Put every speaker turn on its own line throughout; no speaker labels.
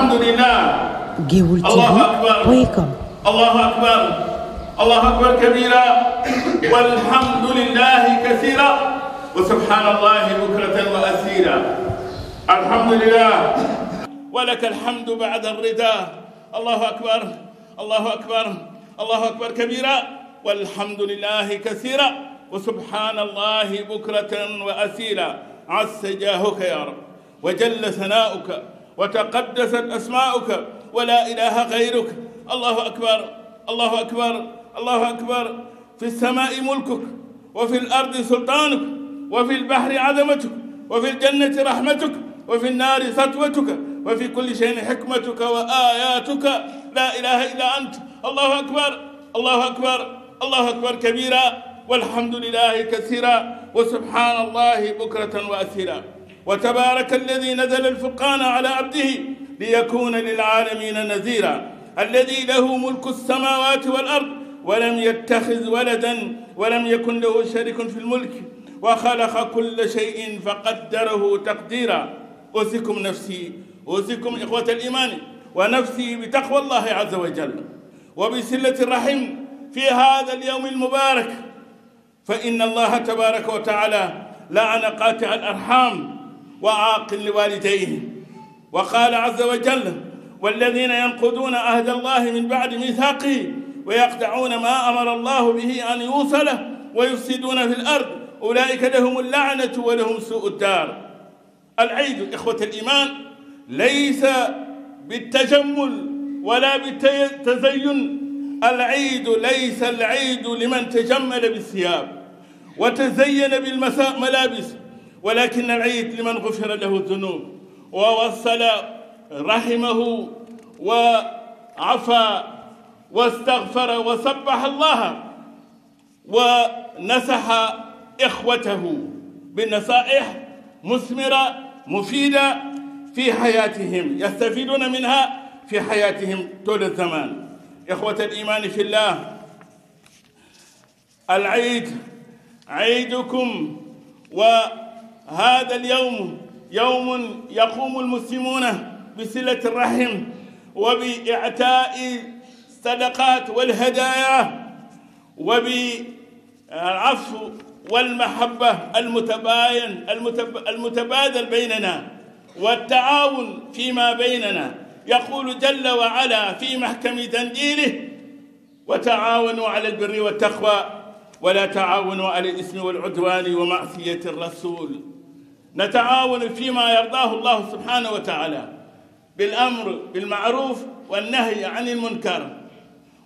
لله الله أكبر الله أكبر الله أكبر كبيرا والحمد لله كثيرا وسبحان الله بكرة وأسيرا الحمد لله ولك الحمد بعد الرداء الله أكبر الله أكبر الله أكبر كبيرا والحمد لله كثيرا وسبحان الله بكرة وأسيرا عس جاهك يا رب وجل ثناؤك وتقدست أسماؤك ولا إله غيرك الله أكبر الله أكبر الله أكبر في السماء ملكك وفي الأرض سلطانك وفي البحر عظمتك وفي الجنة رحمتك وفي النار سطوتك وفي كل شيء حكمتك وآياتك لا إله إلا أنت الله أكبر الله أكبر الله أكبر كبيرا والحمد لله كثيرا وسبحان الله بكرة وأثيرا وتبارك الذي نزل الفرقان على عبده ليكون للعالمين نذيرا الذي له ملك السماوات والأرض ولم يتخذ ولدا ولم يكن له شريك في الملك وخلق كل شيء فقدره تقديرا أوصيكم نفسي أوصيكم إخوة الإيمان ونفسي بتقوى الله عز وجل وبسلة الرحم في هذا اليوم المبارك فإن الله تبارك وتعالى لعن قاطع الأرحام وعاق لوالديه وقال عز وجل والذين ينقضون عهد الله من بعد ميثاقه ويقطعون ما أمر الله به أن يوصله ويفسدون في الأرض أولئك لهم اللعنة ولهم سوء الدار العيد إخوة الإيمان ليس بالتجمل ولا بالتزين العيد ليس العيد لمن تجمل بالثياب وتزين بالملابس ولكن العيد لمن غفر له الذنوب ووصل رحمه وعفى واستغفر وسبح الله ونسح إخوته بالنصائح مثمرة مفيدة في حياتهم يستفيدون منها في حياتهم طول الزمان إخوة الإيمان في الله العيد عيدكم و هذا اليوم يوم يقوم المسلمون بصلة الرحم وبإعتاء الصدقات والهدايا وبالعفو والمحبة المتباين المتب المتبادل بيننا والتعاون فيما بيننا يقول جل وعلا في محكم تنجيله وتعاونوا على البر والتقوى ولا تعاونوا على الإثم والعدوان ومعصية الرسول نتعاون فيما يرضاه الله سبحانه وتعالى بالأمر بالمعروف والنهي عن المنكر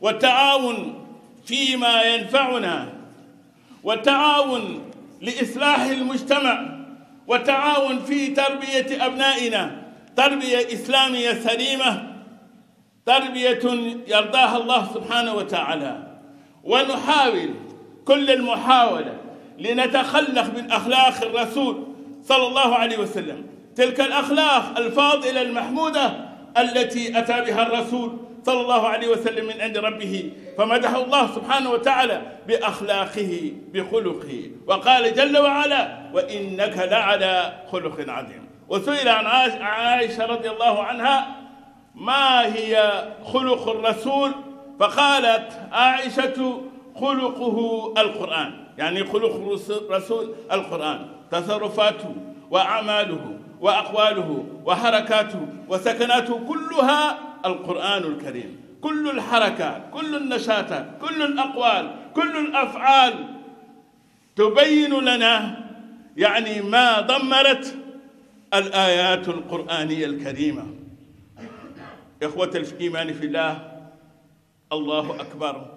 والتعاون فيما ينفعنا والتعاون لإصلاح المجتمع والتعاون في تربية أبنائنا تربية إسلامية سليمة تربية يرضاها الله سبحانه وتعالى ونحاول كل المحاولة لنتخلق من أخلاق الرسول صلى الله عليه وسلم تلك الأخلاق الفاضلة المحمودة التي أتى بها الرسول صلى الله عليه وسلم من عند ربه فمدحه الله سبحانه وتعالى بأخلاقه بخلقه وقال جل وعلا وإنك لعلى خلق عظيم وسئل عن عائشة رضي الله عنها ما هي خلق الرسول فقالت عائشة خلقه القرآن يعني خلق الرسول القرآن تصرفاته وأعماله وأقواله وحركاته وسكناته كلها القرآن الكريم كل الحركات كل النشاطات كل الأقوال كل الأفعال تبين لنا يعني ما ضمرت الآيات القرآنية الكريمة إخوة الإيمان في الله الله أكبر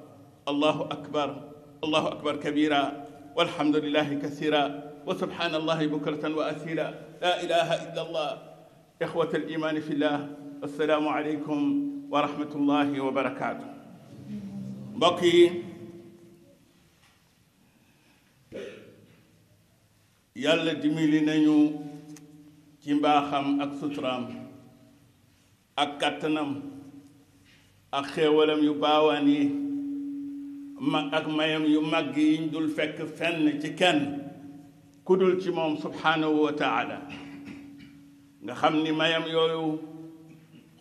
الله أكبر الله أكبر كبيرا والحمد لله كثيرا وسبحان الله بكرة وأثيرا لا إله إلا الله إخوة الإيمان في الله السلام عليكم ورحمة الله وبركاته بقي يلا جميلي نيو كيمبا خام اك سترام أخي ولم اك خيولم يو باواني اك مايام يو فك فن تي dul ci moom subhaanahu wa taala nga xam ni mayam yooyu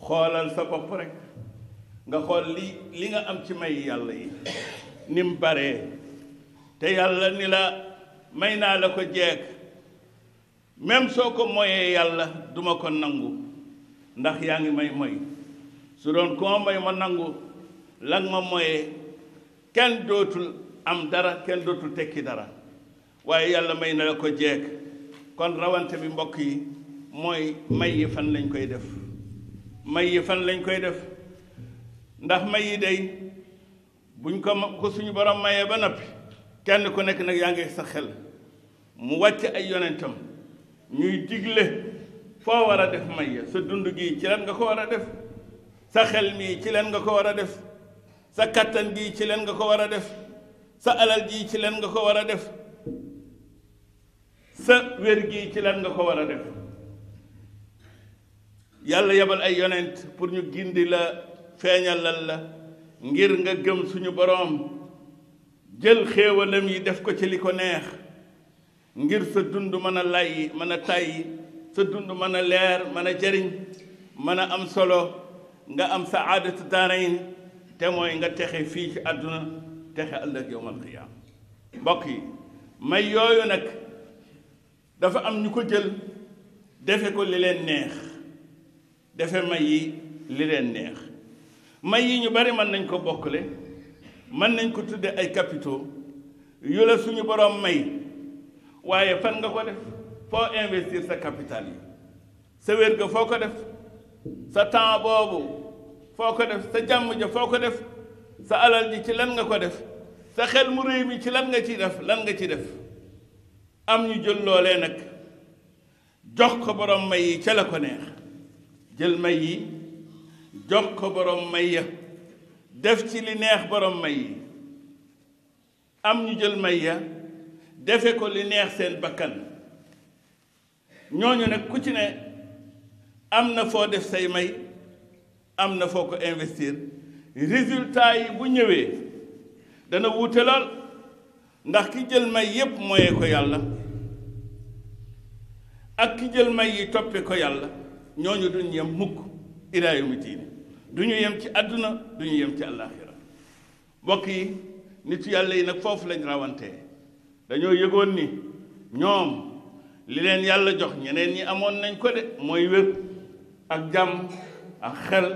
xoolal sa bopp rekk nga xool li li nga am ci may yàlla yi ni mu baree te yàlla ni la may naa la ko jeeg même soo ko moyee yàlla duma ko nangu ndax yaa ngi may moy su doon koo may ma nangu lan ma moyee kenn dootul am dara kenn dootul tekki dara waaye yàlla may na la ko jeeg kon rawante bi mbokk yi mooy may yi fan lañ koy def may yi fan lañ koy def ndax may yi day buñ ko ko suñu borom maye ba noppi kenn ko nekk nag yaa ngi sa xel mu wàcc ay yonentam ñuy digle foo war a def may ya sa dund gi ci lan nga ko war a def sa xel mii ci leen nga ko war a def sa kàttan gi ci leen nga ko war a def sa alal jii ci leen nga ko war a def sa wér gi ci lan nga ko war a def yàlla yebal ay yonent pour ñu gindi la feeñalal la ngir nga gëm suñu boroom jël xéewalam yi def ko ci li ko neex ngir sa dund mën a layyi mën a tàyyi sa dund mën a leer mën a jariñ mën a am solo nga am sa aadatu daarayn te mooy nga texe fii ci àdduna texe ëllëg yowmal qiyaam mbokk yi may yooyu nag dafa am ñu ko jël defe ko li leen neex defe may yi li leen neex may yi ñu bari mën nañ ko bokkale mën nañ ko tudde ay capitaux yu la suñu borom may waaye pan nga ko def foo investir sa capital yi sa wér ga foo ko def sa temps boobu foo ko def sa jàmm ja foo ko def sa alal ji ci lan nga ko def sa xel mu réy mi ci lan nga ci def lan nga ci def am ñu jël loolee nag jox ko borom may yi ca la ko neex jël may yi jox ko boroom may ya def ci li neex boroom may yi am ñu jël may ya defe ko li neex seen bakkan ñooñu nag ku ci ne am na foo def say may am na foo ko investir résultat yi bu ñëwee dana wuute lool ndax ki jël may yépp mooyee ko yàlla ak ki jël may yi toppe ko yàlla ñooñu duñu yem mukk ilaa yawmi duñu yem ci àdduna duñu yem ci àllaaxira mbokk yi nitu yàlla yi nag foofu lañ rawantee dañoo yëgoon ni ñoom li leen yàlla jox ñeneen ñi amoon nañ ko de mooy wér ak jàmm ak xel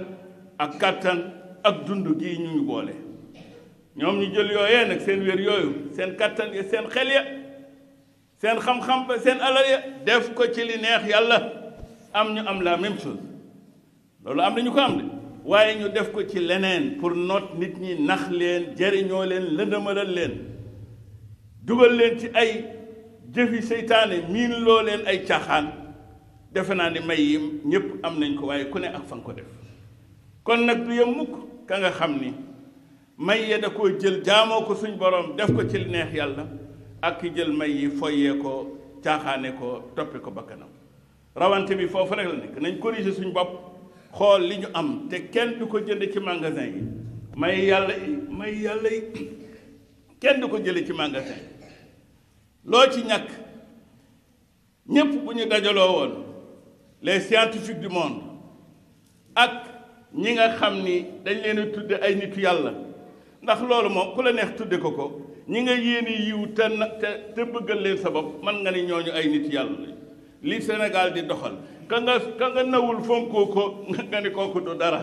ak kàttan ak dund gi ñu ñu boole ñoom ñu jël yooyee nag seen wér yooyu seen kattan ya seen xel ya seen xam-xam ba seen alal ya def ko ci li neex yàlla am ñu am la même chose loolu am nañu ko am de waaye ñu def ko ci leneen pour not nit ñi nax leen jëriñoo leen lëndëmalal leen dugal leen ci ay jëfi seytaane miin loo leen ay caaxaan defe naa ni may yi ñëpp am nañ ko waaye ku ne ak fan ko def kon nag du yem mukk ka nga xam ni may ya da koo jël jaamoo ko suñ borom def ko ci li neex yàlla ak ki jël may yi foyee ko caaxaane ko toppe ko bakkanam rawante bi foofu rek la nekk nañ corriger suñ bopp xool li ñu am te kenn du ko jënd ci magasin yi may yàlla may yàlla kenn ko jële ci magasin loo ci ñàkk ñépp bu ñu dajaloo woon les scientifiques du monde ak ñi nga xam ni dañ leen a tudde ay nitu yàlla ndax loolu moom ku la neex tudde ko ko ñi nga yéene yiw te nag te te leen sa bopp man nga ni ñooñu ay nit yàlla li Sénégal di doxal ka nga ka nga nawul fonkoo ko nga ni kooku du dara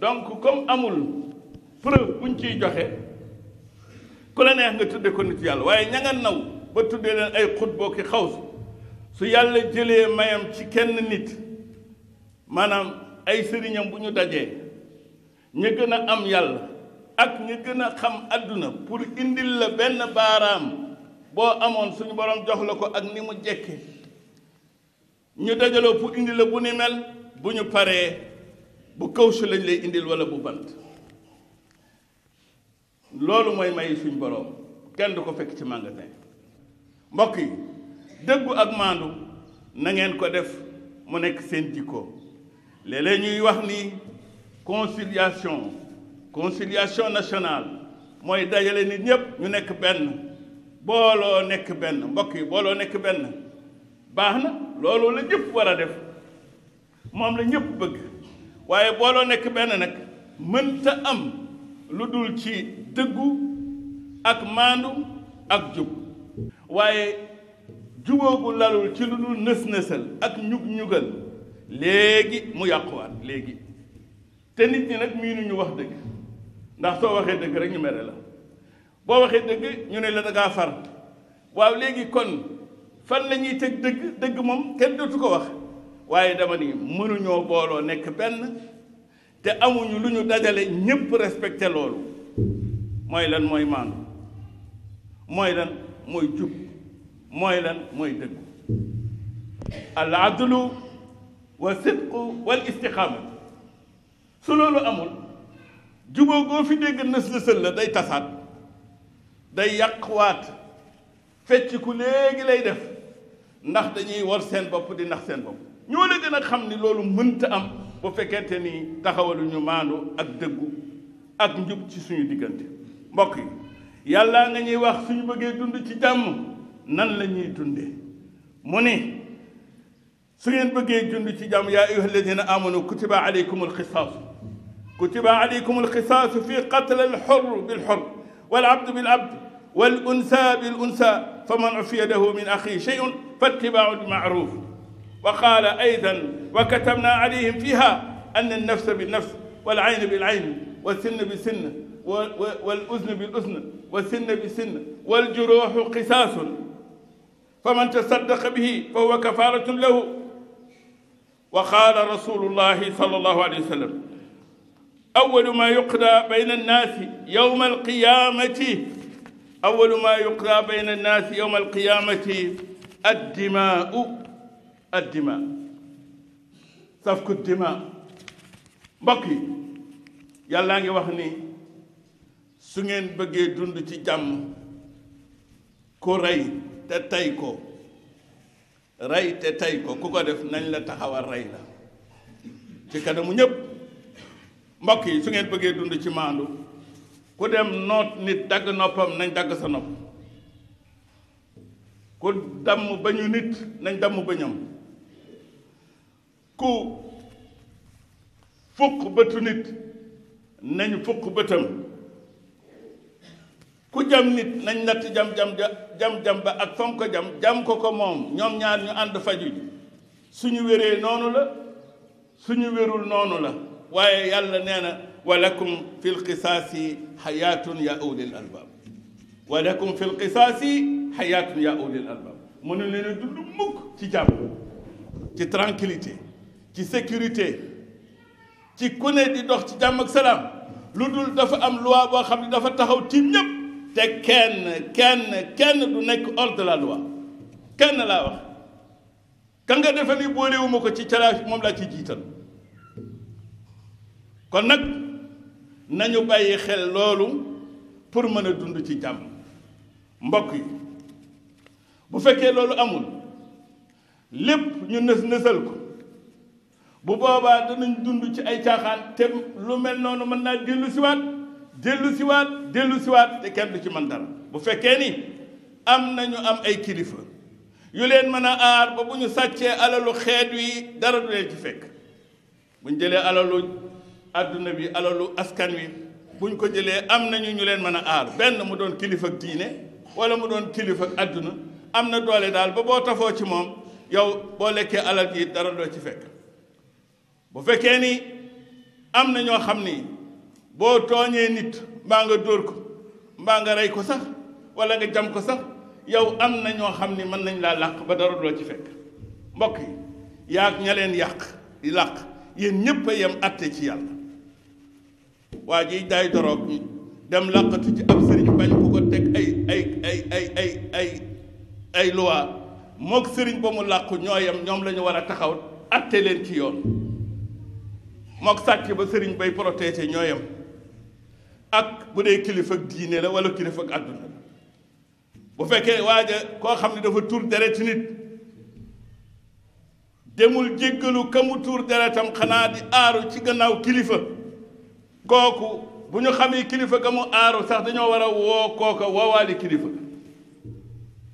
donc comme amul preuve buñ ciy joxe ku la neex nga tudde ko nit yàlla waaye ña nga naw ba tuddee leen ay xutboo ki xaw su yàlla jëlee mayam ci kenn nit maanaam ay sëriñam bu ñu dajee ñu gën a am yàlla ak ñi gën a xam àdduna pour indil la benn baaraam boo amoon suñu borom jox la ko ak ni mu jekke ñu dajaloo pour indil la bu ni mel bu ñu paree bu kawsu lañ lay indil wala bu bant loolu mooy may suñu boroom kenn du ko fekk ci magasin mbokk yi dëggu ak maandu na ngeen ko def mu nekk seen jikko léeg ñuy wax ni conciliation conciliation nationale mooy dajale nit ñëpp ñu nekk benn booloo nekk benn mbokk booloo nekk benn baax na looloo la ñëpp war a def moom la ñëpp bëgg waaye booloo nekk benn nag mënta am lu dul ci dëggu ak maandu ak jub waaye juboogu lalul ci lu dul nës-nësal ak ñug-ñugal léegi mu yàquwaat léegi te nit ñi nag miinu ñu wax dëgg ndax soo waxee dëgg rek ñu mere la boo waxee dëgg ñu ne la dagaa far waaw léegi kon fan lañuy ñuy teg dëgg dëgg moom kenn dootu ko wax waaye dama yi mënuñoo booloo nekk benn te amuñu lu ñu dajale ñépp respecté loolu mooy lan mooy maandu mooy lan mooy jub mooy lan mooy dëgg al adlu wa sidqu wal istiqaama su loolu amul juboo go fi dégg nës nësal la day tassat day yàqwaat fecc ku léegi lay def ndax dañuy wor sen bop di nax sen bop ñoo la gëna xam ni loolu mënta am bu fekkente ni taxawalu ñu maandu ak dëggu ak njub ci suñu diggante mbokk yi yàlla nga ñuy wax suñu bëggee dund ci jàmm nan la ñuy dundee mu ne su ngeen bëggee dund ci jàmm yaa ayuha alladina amanu kutiba alaykum alqisas كتب عليكم القصاص في قتل الحر بالحر والعبد بالعبد والأنثى بالأنثى فمن عفي له من أخيه شيء فاتباع المعروف وقال أيضا وكتبنا عليهم فيها أن النفس بالنفس والعين بالعين والسن بالسن والأذن بالأذن والسن بالسن والجروح قصاص فمن تصدق به فهو كفارة له وقال رسول الله صلى الله عليه وسلم awalu ma yuqda bayna annaasi yowma alqiyamati awalu ma yuqda bayna annaasi yowma alqiyamati addimaau addima safku dima mbokk yi yàllaa ngi wax ni su ngeen bëggee dund ci jàmm ku rey te tey ko rey te tey ko ku ko def nañ la taxawal rey la ci kanamu ñëpp mbokk yi su ngeen bëggee dund ci maandu ku dem noot nit dagg noppam nañ dagg sa nopp ku damm bañu nit nañ damm bañam ku fukk bëtu nit nañ fukk bëtam ku jam nit nañ natt jam jam jam jam ba ak fam ko jam jam ko ko moom ñoom ñaar ñu ànd faju suñu wéree noonu la suñu wérul noonu la ويلا نانا ولكم في القصاص حياة يا أولي الألباب ولكم في القصاص حياة يا أولي الألباب من اللي ندل مك تجام تي ترانكيليتي تي سيكوريتي تي كوني دي دوخ تي جام سلام لودول دافا ام لوا بو خامي دافا تاخاو تيم نيب تي كين كين كين دو نيك اور دو لا لوا كين لا واخ كانغا ديفاني بوليو موكو تي تلاش موم لا تي جيتال kon nag nañu bàyyi xel loolu pour mën a dund ci jàmm mbokk yi bu fekkee loolu amul lépp ñu nës nësal ko bu boobaa danañ dund ci ay caaxaan te lu mel noonu mën naa dellu siwaat dellu siwaat dellu siwaat te kenn du ci mën dara bu fekkee ni am nañu am ay kilifa yu leen mën a aar ba bu ñu sàccee alalu xeet wi dara du leen ci fekk bu ñu jëlee alalu àdduna bi alalu askan wi buñ ko jëlee am nañu ñu leen mën a aar benn mu doon kilifa ak diine wala mu doon kilifa àdduna am na doole daal ba boo tafoo ci moom yow boo lekkee alal yi dara doo ci fekk bu fekkee ni am na ñoo xam ni boo tooñee nit mbaa nga dóor ko mbaa nga rey ko sax wala nga jam ko sax yow am na ñoo xam ni mën nañ laa làq ba dara doo ci fekk mbokk yi yaag ña leen yàq làq yéen ñëpp yem atte ci yàlla waa ji jaay doroog dem làqatu ci ab sëriñ bañ ku ko teg ay ay ay ay ay mook sëriñ ba mu làqu ñooyam ñoom lañu war a taxaw atte leen ci yoon mook sàcc ba sëriñ bay protéger ñooyam ak bu dee kilifa ak diine la wala kilifa àdduna la bu fekkee waaja koo xam ne dafa tuur deret nit demul jéggalu ka mu tuur deretam xanaa di aaru ci gannaaw kilifa kooku bu ñu xamee kilifa ga mu aaru sax dañoo war a woo kooka woowaale kilifa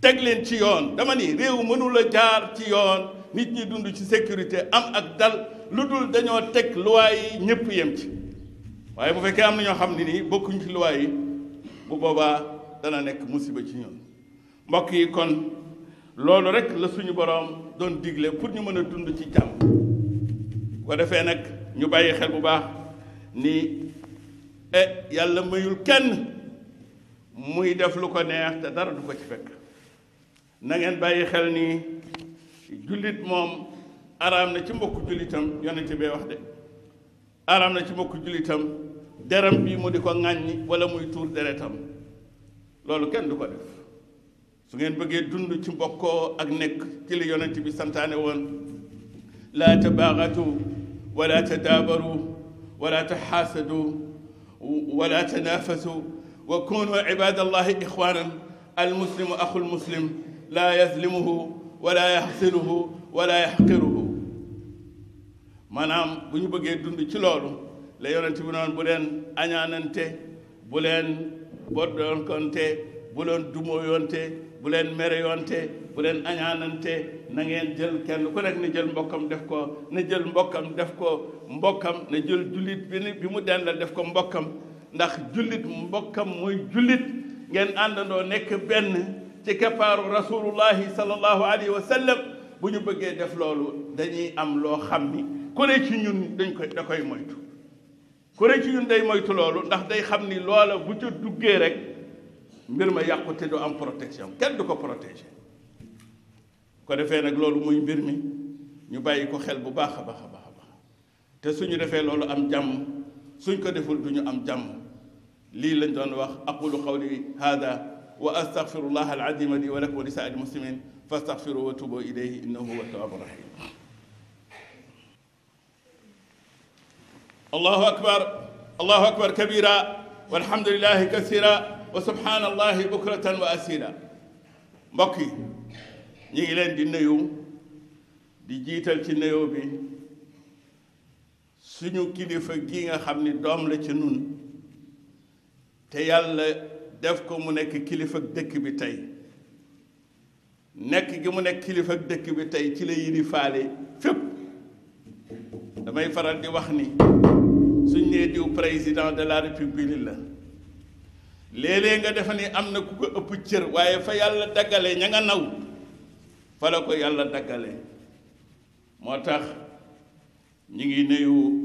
teg leen ci yoon dama ni réew mënul a jaar ci yoon nit ñi dund ci sécurité am ak dal lu dul dañoo teg luwaay yi ñëpp yem ci waaye bu fekkee am na ñoo xam ne nii bokkuñ ci luwaay yi bu boobaa dana nekk musiba ci ñun mbokk yi kon loolu rek la suñu boroom doon digle pour ñu mën a dund ci jàmm bu defee nag ñu bàyyi xel bu baax ni eh yàlla mayul kenn muy def lu ko neex te dara du ko ci fekk na ngeen bàyyi xel ni jullit moom araam na ci mbokk jullitam yonent bee wax de araam na ci mbokk jullitam deram bi mu di ko ŋàññ wala muy tuur deretam loolu kenn du ko def su ngeen bëggee dund ci mbokkoo ak nekk ci li yonent bi santaane woon laa tabaagatu wala tadaabaru ولا تحاسدوا ولا تنافسوا وكونوا عباد الله إخوانا المسلم أخو المسلم لا يظلمه ولا يحسره ولا يحقره maanaam bu ñu bëggee dund ci loolu la yonent bi noonu bu leen añaanante bu leen boddoonkonte bu leen dumóoyoonte bu leen mereyonte bu leen añaanante na ngeen jël kenn ku nekk na jël mbokkam def ko na jël mbokkam def ko mbokkam na jël jullit bi ni bi mu dendal def ko mbokkam ndax jullit mbokkam mooy jullit ngeen àndandoo nekk benn ci keppaaru rasulullahi sallallahu alayhi wa sallam bu ñu bëggee def loolu dañuy am loo xam ni ku ci ñun dañ koy da koy moytu ku ci ñun day moytu loolu ndax day xam ni loola bu ca duggee rek mbir ma yàqu te du am protection kenn du ko protéger ko defee nag loolu muy mbir mi ñu bàyyi ko xel bu baax a baax a baax te suñu defee loolu am jàmm suñ ko deful duñu am jàmm lii lañ doon wax aqulu qawli hada wa astaghfirullah al-azima li wa lakum wa li sa'il muslimin fastaghfiru wa tubu ilayhi innahu huwa at-tawwabur rahim الله أكبر الله أكبر كبيرا والحمد لله كثيرا وسبحان الله بكرة وأسيرا مكي ني لين دي نيو دي جيتال سي نيو بي suñu kilifa gi nga xam ni doom la ci nun te yàlla def ko mu nekk kilifa dëkk bi tey nekk gi mu nekk kilifa dëkk bi tey ci la yiri faale fépp damay faral di wax ni suñ nee diw président de la république la léeg-léeg nga defe ni am na ku ko ëpp cër waaye fa yàlla daggale ña nga naw fa la ko yàlla daggale moo tax ñu ngi nuyu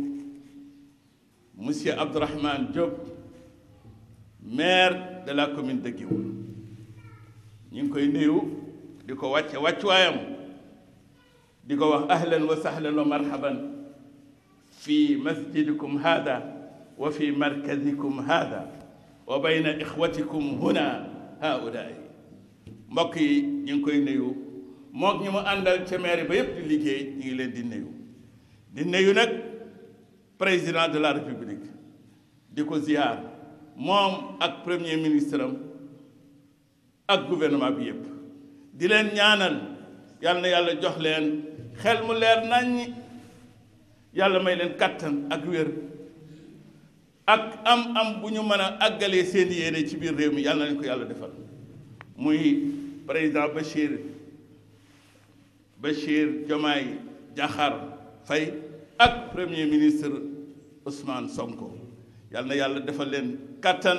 Monsieur Abdurrahman Diop maire de la commune de Guéoul ñu ngi koy nuyu di ko wàcce wàccuwaayam di ko wax ahlan wa sahlan wa marhaban fi masjidikum hada wa fi markazikum hada wa bayna ixwatikum huna haulaay mbokk yi ñu ngi koy nuyu mook ñu mu àndal ca maire ba yépp di liggéey ñu ngi leen di nuyu di nuyu nag président de la république de ziar premier ministre ak gouvernement bi yépp di leen ñaanal yàlla na jox leen xel mu leer may am am a ci mi ko président Bachir Bachir ak premier ministre Ousmane Sonko yàlla na yàlla defal leen kattan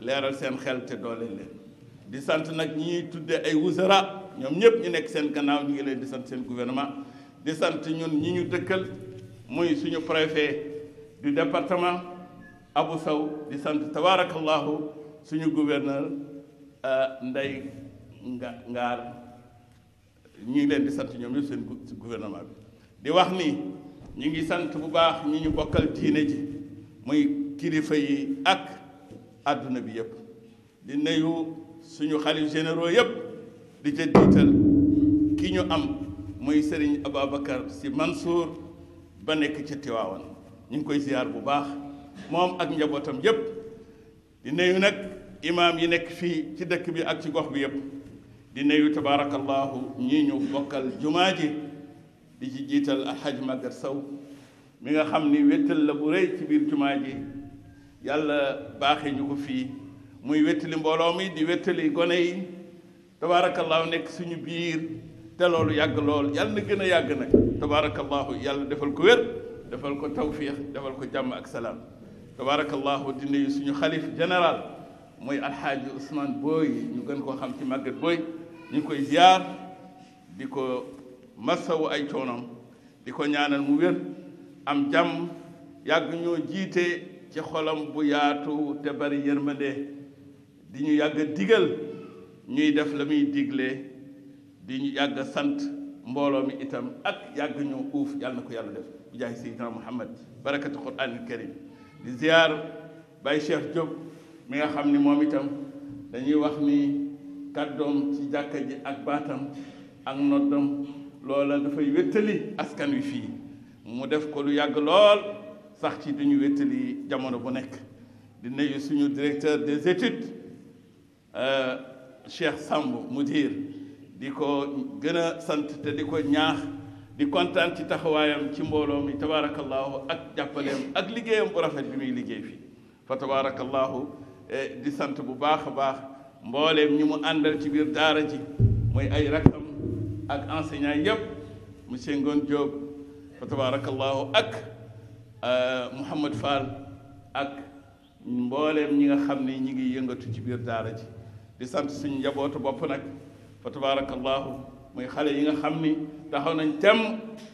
leeral seen xel te doole leen di sant nag ñi ñuy tuddee ay wusara ñoom ñëpp ñu nekk seen gannaaw ñu ngi leen di sant seen gouvernement di sant ñun ñi ñu dëkkal muy suñu préfet du département abu Sow di sant tabaarakallahu suñu gouverneur euh, ndey nga Ngaar ñu leen di sant ñoom ñëpp seen gouvernement bi di wax ni ñu ngi sant bu baax ñi ñu bokkal diine ji muy kilifa yi ak àdduna bi yëpp di nuyu suñu xalif généraux yëpp di ca diital ki ñu am muy Serigne Ababacar Sy Mansour ba nekk ci Tiwaawan ñu ngi koy ziar bu baax moom ak njabootam yëpp di nuyu nag imaam yi nekk fii ci dëkk bi ak ci gox bi yëpp di nuyu tabaarakallahu ñi ñu bokkal jumaa ji di ci jiital alxaj Maguette Sow mi nga xam ni wéttal la bu rëy ci biir jumaa ji yàlla baaxee ñu ko fii muy wéttali mbooloo mi di wéttali gone yi tabaarakallaahu nekk suñu biir te loolu yàgg lool yàlla na gën a yàgg nag tabaarakallaahu yàlla defal ko wér defal ko tawfiix defal ko jàmm ak salaam tabaarakallaahu di nuyu suñu xalif général mooy alxaaji Ousmane Boy ñu gën koo xam ci màgget Boy ñu ngi koy ziar di ko massawu ay coonoom di ko ñaanal mu wér am jàmm yàgg ñoo jiite ci xolam bu yaatu te bari yërmande di ñu yàgg digal ñuy def la muy digle di ñu yàgg sant mbooloo mi itam ak yàgg ñoo uuf yàlla na ko yàlla def bu jaay seydina muhammad barakatu quraanil karim di ziar Baye Cheikh Diop mi nga xam ni moom itam dañuy wax ni kàddoom ci jàkka ji ak baatam ak noddam loola dafay wéttali askan wi fii mu def ko lu yàgg lool sax ci duñu wéttali jamono bu nekk di nuyu suñu directeur des études euh, Cheikh Samb mudir di ko gën a sant te di ko ñaax di kontaan ci taxawaayam ci mbooloo mi tabaarakallaahu ak jàppaleem ak liggéeyam bu rafet bi muy liggéey fii fa tabaarakallaahu eh, di sant bu baax a baax mbooleem ñi mu àndal ci biir daara ji mooy ay rakam ak enseignant yëpp monsieur ngon Diop tabarak allah ak Mouhamad Fall ak mbollem ñi nga xamni ñi ngi yëngatu ci bir daara ci di sant suñu njabootu bopp nag fa tabarak allah muy xale yi nga xam ni taxaw nañ tem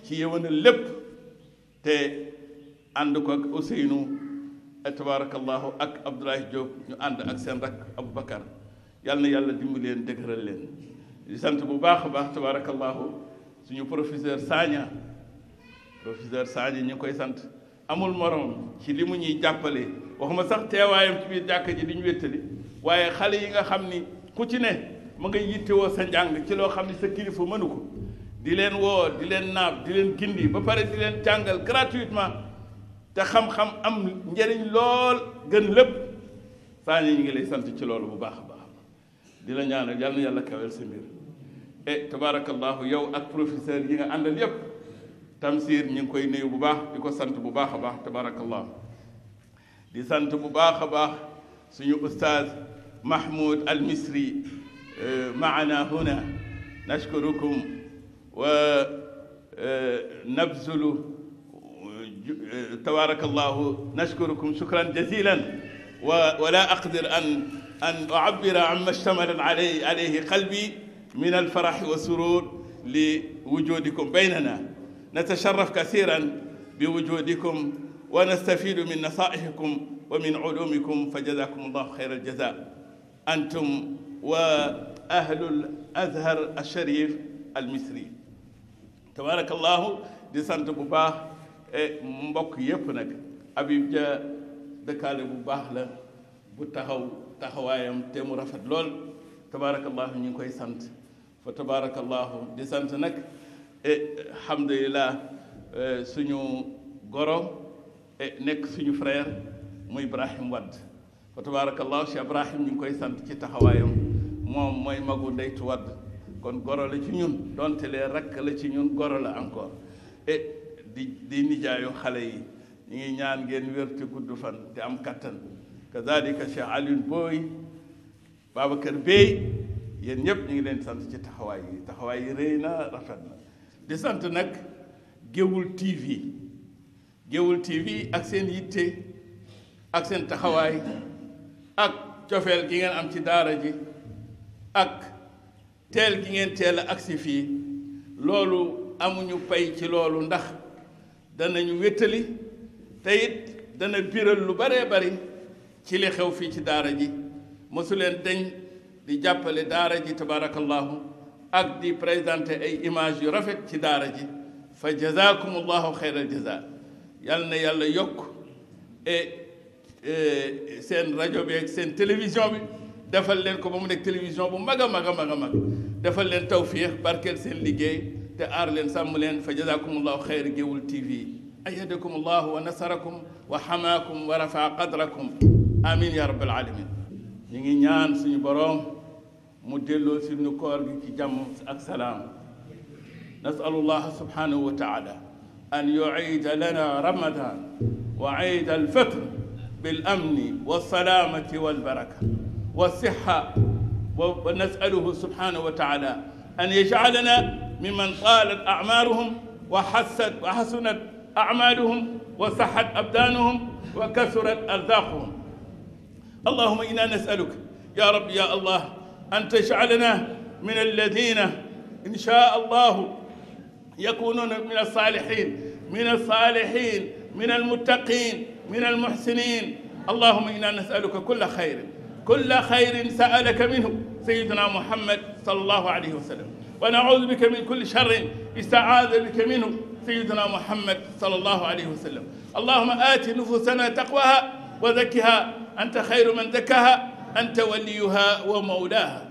ci yëwana lépp te ànd ko ak tabarak allah ak Abdoulaye Diop ñu ànd ak seen rak Aboubacar yàlla na yàlla dimbali leen dëgëral leen di sant bu baax a baax tabaarakallaahu suñu professeur Sagna professeur Sagna ñu koy sant amul morom ci li mu ñuy jàppale ma sax teewaayam ci biir jàkk ji di ñu wéttali waaye xale yi nga xam ni ku ci ne ma nga woo sa njàng ci loo xam ni sa kilifa mënu ko di leen woo di leen naab di leen gindi ba pare di leen jàngal gratuitement te xam-xam am njëriñ lool gën lépp Sagna ñu ngi lay sant ci loolu bu baax a baax di la ñaanal yàlla yàlla kawel sa mbir e tabaarakallaahu yow ak professeur yi nga àndal yépp Tamsir ñi ngi koy nuyu bu baax di ko sant bu baax a baax tabaarakallaahu di sant bu baax a baax suñu oustaz Mahmoud Al Misri معنا هنا نشكركم ونبذل تبارك الله نشكركم شكرا جزيلا ولا اقدر ان أن أعبر عما اشتمل عليه عليه قلبي من الفرح والسرور لوجودكم بيننا نتشرف كثيرا بوجودكم ونستفيد من نصائحكم ومن علومكم فجزاكم الله خير الجزاء أنتم وأهل الأزهر الشريف المصري تبارك الله دي سانت بو baax مبوك ييب نك Habib جا dëkkaale بو baax لا بو taxaw taxawaayam te mu rafet lool tabaarakallaahu ñu ngi koy sant fa tabaarakallaahu di sant nag e alhamdulilah e, suñu goro e nekk suñu frère muy Ibrahim Wade fa tabaarakallaahu Cheikh Ibrahim ñu ngi koy sant ci taxawaayam moom mooy magu ndeytu Wade kon goro la ci ñun donte lee rakk la ci ñun goro la encore e di di nijaayu xale yi ñu ngi ñaan ngeen wér te gudd fan te am kattan kazalika Cheikh Alioune Boy Babacar Bey yéen ñëpp ñu ngi leen sant ci taxawaay yi taxawaay yi rëy na rafet na di sant nag Géoul TV Géoul TV ak seen yitte ak seen taxawaay ak cofeel gi ngeen am ci daara ji ak teel gi ngeen teel a agsi fii loolu amuñu pay ci loolu ndax danañu wéttali te it dana biral lu baree bari ci li xew fii ci daara ji mosu leen dañ di jàppale daara ji tabarakallahu ak di présenté ay image yu rafet ci daara ji fa jazakum allahu xeyral jaza yàlla na yàlla yokk et seen rajo bi ak seen télévision bi defal leen ko ba mu nekk télévision bu mag a mag a mag a mag defal leen tawfiix barkeel seen liggéey te aar leen sàmm leen fa jazakum allahu xeyr géwul tv أيدكم الله ونصركم وحماكم ورفع قدركم آمين يا رب العالمين ñi ngi ñaan suñu borom mu dello suñu koor gi ci jamm ak salam nas'alu allah subhanahu wa ta'ala an yu'id lana الفطر بالامن والسلامه والبركه والصحه ونساله سبحانه وتعالى ان يجعلنا ممن طالت اعمارهم وحسنت وحسنت اعمالهم وصحت ابدانهم وكثرت ارزاقهم اللهم إنا نسألك يا رب يا الله أن تجعلنا من الذين إن شاء الله يكونون من الصالحين من الصالحين من المتقين من المحسنين اللهم إنا نسألك كل خير كل خير سألك منه سيدنا محمد صلى الله عليه وسلم ونعوذ بك من كل شر استعاذ بك منه سيدنا محمد صلى الله عليه وسلم اللهم آت نفوسنا تقواها وزكها أنت خير من زكاها أنت وليها ومولاها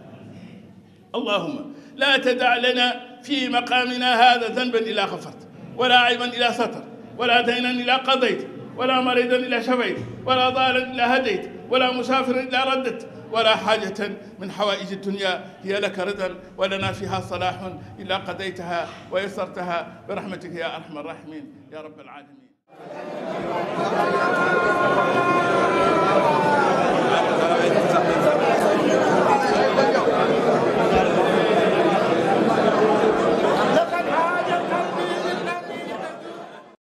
اللهم لا تدع لنا في مقامنا هذا ذنبا إلا غفرت ولا عيبا إلا ستر ولا دينا إلا قضيت ولا مريضا إلا شفيت ولا ضالا إلا هديت ولا مسافرا إلا ردت ولا حاجة من حوائج الدنيا هي لك رضا ولنا فيها صلاح إلا قضيتها ويسرتها برحمتك يا أرحم الراحمين يا رب العالمين